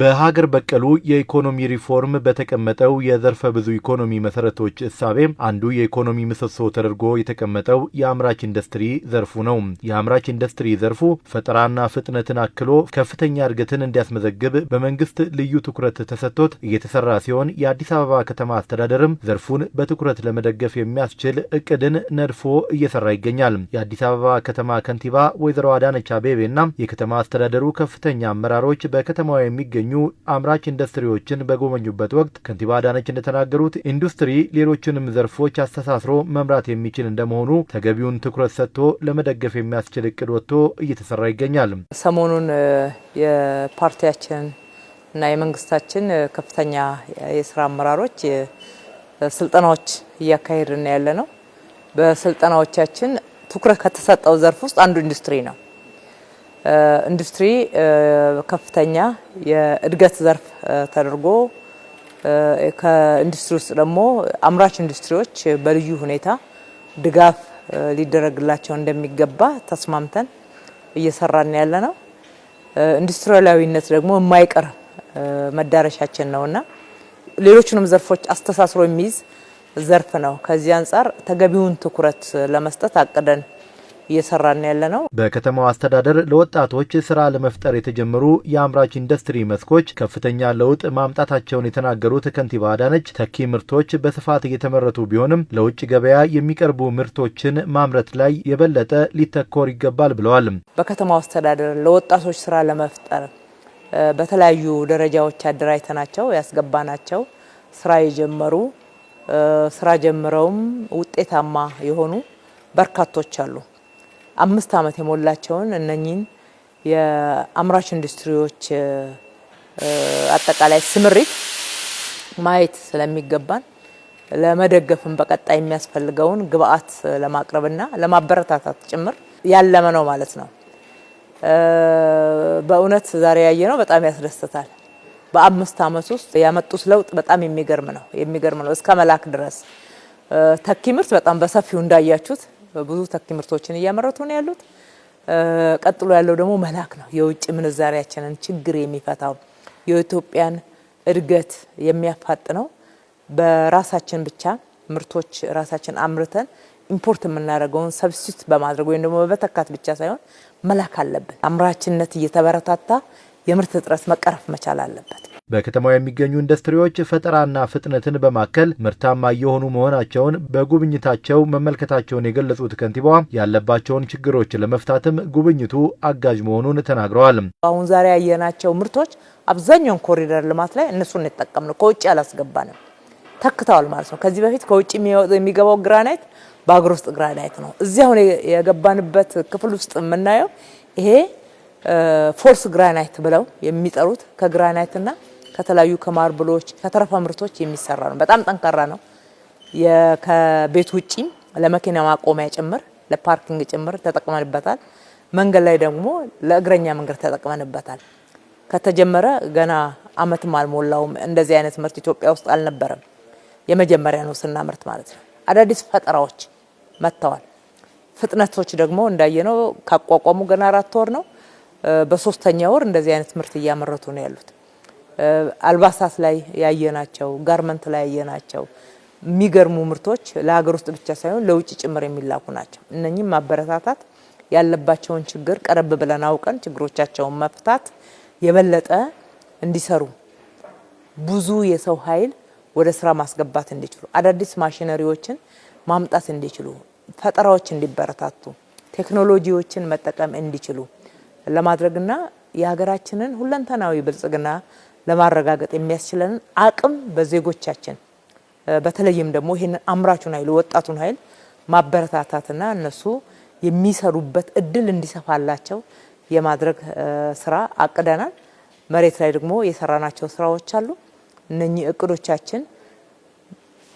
በሀገር በቀሉ የኢኮኖሚ ሪፎርም በተቀመጠው የዘርፈ ብዙ ኢኮኖሚ መሰረቶች እሳቤ አንዱ የኢኮኖሚ ምሰሶ ተደርጎ የተቀመጠው የአምራች ኢንዱስትሪ ዘርፉ ነው። የአምራች ኢንዱስትሪ ዘርፉ ፈጠራና ፍጥነትን አክሎ ከፍተኛ እድገትን እንዲያስመዘግብ በመንግስት ልዩ ትኩረት ተሰጥቶት እየተሰራ ሲሆን የአዲስ አበባ ከተማ አስተዳደርም ዘርፉን በትኩረት ለመደገፍ የሚያስችል እቅድን ነድፎ እየሰራ ይገኛል። የአዲስ አበባ ከተማ ከንቲባ ወይዘሮ አዳነች አቤቤና የከተማ አስተዳደሩ ከፍተኛ አመራሮች በከተማዋ የሚገ የሚገኙ አምራች ኢንዱስትሪዎችን በጎበኙበት ወቅት ከንቲባ አዳነች እንደተናገሩት ኢንዱስትሪ ሌሎችንም ዘርፎች አስተሳስሮ መምራት የሚችል እንደመሆኑ ተገቢውን ትኩረት ሰጥቶ ለመደገፍ የሚያስችል እቅድ ወጥቶ እየተሰራ ይገኛል። ሰሞኑን የፓርቲያችን እና የመንግስታችን ከፍተኛ የስራ አመራሮች ስልጠናዎች እያካሄድን ያለ ነው። በስልጠናዎቻችን ትኩረት ከተሰጠው ዘርፍ ውስጥ አንዱ ኢንዱስትሪ ነው። ኢንዱስትሪ ከፍተኛ የእድገት ዘርፍ ተደርጎ ከኢንዱስትሪ ውስጥ ደግሞ አምራች ኢንዱስትሪዎች በልዩ ሁኔታ ድጋፍ ሊደረግላቸው እንደሚገባ ተስማምተን እየሰራን ያለ ነው። ኢንዱስትሪያላዊነት ደግሞ የማይቀር መዳረሻችን ነውና ሌሎችንም ዘርፎች አስተሳስሮ የሚይዝ ዘርፍ ነው። ከዚህ አንጻር ተገቢውን ትኩረት ለመስጠት አቅደን እየሰራን ያለ ነው። በከተማው አስተዳደር ለወጣቶች ስራ ለመፍጠር የተጀመሩ የአምራች ኢንዱስትሪ መስኮች ከፍተኛ ለውጥ ማምጣታቸውን የተናገሩት ከንቲባ አዳነች ተኪ ምርቶች በስፋት እየተመረቱ ቢሆንም ለውጭ ገበያ የሚቀርቡ ምርቶችን ማምረት ላይ የበለጠ ሊተኮር ይገባል ብለዋል። በከተማው አስተዳደር ለወጣቶች ስራ ለመፍጠር በተለያዩ ደረጃዎች አደራጅተናቸው ያስገባናቸው ስራ የጀመሩ ስራ ጀምረውም ውጤታማ የሆኑ በርካቶች አሉ። አምስት ዓመት የሞላቸውን እነኚህን የአምራች ኢንዱስትሪዎች አጠቃላይ ስምሪት ማየት ስለሚገባን ለመደገፍን በቀጣይ የሚያስፈልገውን ግብአት ለማቅረብና ለማበረታታት ጭምር ያለመ ነው ማለት ነው። በእውነት ዛሬ ያየ ነው በጣም ያስደስታል። በአምስት ዓመት ውስጥ ያመጡት ለውጥ በጣም የሚገርም ነው የሚገርም ነው እስከ መላክ ድረስ ተኪ ምርት በጣም በሰፊው እንዳያችሁት ብዙ ተኪ ምርቶችን እያመረቱ ነው ያሉት። ቀጥሎ ያለው ደግሞ መላክ ነው። የውጭ ምንዛሪያችንን ችግር የሚፈታው የኢትዮጵያን እድገት የሚያፋጥነው በራሳችን ብቻ ምርቶች ራሳችን አምርተን ኢምፖርት የምናደርገውን ሰብስቲት በማድረግ ወይም ደግሞ በመተካት ብቻ ሳይሆን መላክ አለብን። አምራችነት እየተበረታታ የምርት እጥረት መቀረፍ መቻል አለበት። በከተማው የሚገኙ ኢንዱስትሪዎች ፈጠራና ፍጥነትን በማከል ምርታማ እየሆኑ መሆናቸውን በጉብኝታቸው መመልከታቸውን የገለጹት ከንቲባዋ ያለባቸውን ችግሮች ለመፍታትም ጉብኝቱ አጋዥ መሆኑን ተናግረዋል። አሁን ዛሬ ያየናቸው ምርቶች አብዛኛውን ኮሪደር ልማት ላይ እነሱን የተጠቀምነው ከውጭ አላስገባንም፣ ተክተዋል ማለት ነው። ከዚህ በፊት ከውጭ የሚገባው ግራናይት በአገር ውስጥ ግራናይት ነው። እዚህ አሁን የገባንበት ክፍል ውስጥ የምናየው ይሄ ፎልስ ግራናይት ብለው የሚጠሩት ከግራናይትና ከተለያዩ ከማርብሎች ከተረፈ ምርቶች የሚሰራ ነው። በጣም ጠንካራ ነው። ከቤት ውጪ ለመኪና ማቆሚያ ጭምር ለፓርኪንግ ጭምር ተጠቅመንበታል። መንገድ ላይ ደግሞ ለእግረኛ መንገድ ተጠቅመንበታል። ከተጀመረ ገና አመትም አልሞላውም። እንደዚህ አይነት ምርት ኢትዮጵያ ውስጥ አልነበረም። የመጀመሪያ ነው ምርት ማለት ነው። አዳዲስ ፈጠራዎች መጥተዋል። ፍጥነቶች ደግሞ እንዳየነው ካቋቋሙ ገና አራት ወር ነው። በሶስተኛ ወር እንደዚህ አይነት ምርት እያመረቱ ነው ያሉት። አልባሳት ላይ ያየናቸው፣ ጋርመንት ላይ ያየናቸው የሚገርሙ ምርቶች ለሀገር ውስጥ ብቻ ሳይሆን ለውጭ ጭምር የሚላኩ ናቸው። እነኚህም ማበረታታት ያለባቸውን ችግር ቀረብ ብለን አውቀን ችግሮቻቸውን መፍታት የበለጠ እንዲሰሩ ብዙ የሰው ኃይል ወደ ስራ ማስገባት እንዲችሉ አዳዲስ ማሽነሪዎችን ማምጣት እንዲችሉ ፈጠራዎች እንዲበረታቱ ቴክኖሎጂዎችን መጠቀም እንዲችሉ ለማድረግና የሀገራችንን ሁለንተናዊ ብልጽግና ለማረጋገጥ የሚያስችለንን አቅም በዜጎቻችን በተለይም ደግሞ ይህንን አምራቹን ኃይል ወጣቱን ኃይል ማበረታታትና እነሱ የሚሰሩበት እድል እንዲሰፋላቸው የማድረግ ስራ አቅደናል። መሬት ላይ ደግሞ የሰራናቸው ስራዎች አሉ። እነኚህ እቅዶቻችን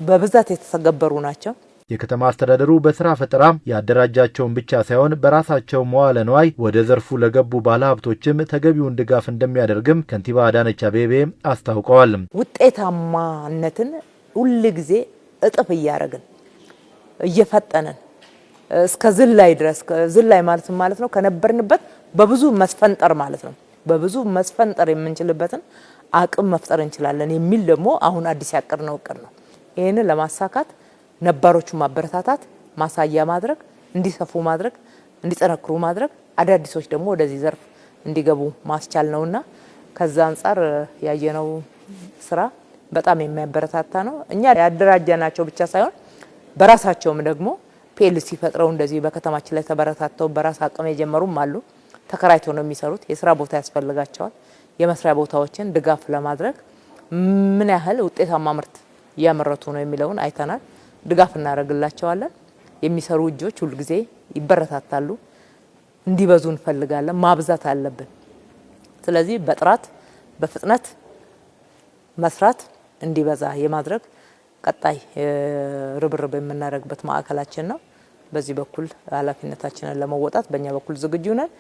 በብዛት የተገበሩ ናቸው። የከተማ አስተዳደሩ በስራ ፈጠራ ያደራጃቸውን ብቻ ሳይሆን በራሳቸው መዋለ ነዋይ ወደ ዘርፉ ለገቡ ባለሀብቶችም ተገቢውን ድጋፍ እንደሚያደርግም ከንቲባ አዳነች አቤቤ አስታውቀዋል። ውጤታማነትን ሁል ጊዜ እጥፍ እያደረግን እየፈጠንን እስከ ዝላይ ድረስ ዝላይ ማለት ማለት ነው ከነበርንበት በብዙ መስፈንጠር ማለት ነው። በብዙ መስፈንጠር የምንችልበትን አቅም መፍጠር እንችላለን የሚል ደግሞ አሁን አዲስ ያቀድነው እቅድ ነው። ይህንን ለማሳካት ነባሮቹ ማበረታታት፣ ማሳያ ማድረግ፣ እንዲሰፉ ማድረግ፣ እንዲጠነክሩ ማድረግ፣ አዳዲሶች ደግሞ ወደዚህ ዘርፍ እንዲገቡ ማስቻል ነውና ከዛ አንጻር ያየነው ስራ በጣም የሚያበረታታ ነው። እኛ ያደራጀናቸው ብቻ ሳይሆን በራሳቸውም ደግሞ ፒኤልሲ ፈጥረው እንደዚህ በከተማችን ላይ ተበረታተው በራስ አቅም የጀመሩም አሉ። ተከራይተው ነው የሚሰሩት። የስራ ቦታ ያስፈልጋቸዋል። የመስሪያ ቦታዎችን ድጋፍ ለማድረግ ምን ያህል ውጤታማ ምርት እያመረቱ ነው የሚለውን አይተናል። ድጋፍ እናደርግላቸዋለን። የሚሰሩ እጆች ሁልጊዜ ይበረታታሉ፣ እንዲበዙ እንፈልጋለን። ማብዛት አለብን። ስለዚህ በጥራት በፍጥነት መስራት እንዲበዛ የማድረግ ቀጣይ ርብርብ የምናደርግበት ማዕከላችን ነው። በዚህ በኩል ኃላፊነታችንን ለመወጣት በእኛ በኩል ዝግጁ ነን።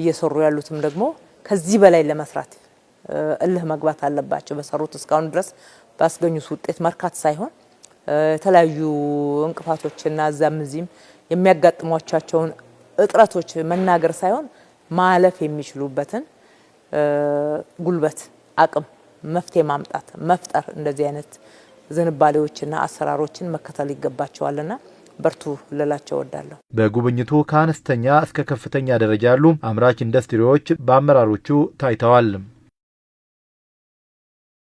እየሰሩ ያሉትም ደግሞ ከዚህ በላይ ለመስራት እልህ መግባት አለባቸው። በሰሩት እስካሁን ድረስ ባስገኙት ውጤት መርካት ሳይሆን የተለያዩ እንቅፋቶችና እዛም እዚህም የሚያጋጥሟቸውን እጥረቶች መናገር ሳይሆን ማለፍ የሚችሉበትን ጉልበት፣ አቅም፣ መፍትሄ ማምጣት መፍጠር እንደዚህ አይነት ዝንባሌዎችና አሰራሮችን መከተል ይገባቸዋልና በርቱ ልላቸው ወዳለሁ። በጉብኝቱ ከአነስተኛ እስከ ከፍተኛ ደረጃ ያሉ አምራች ኢንዱስትሪዎች በአመራሮቹ ታይተዋል።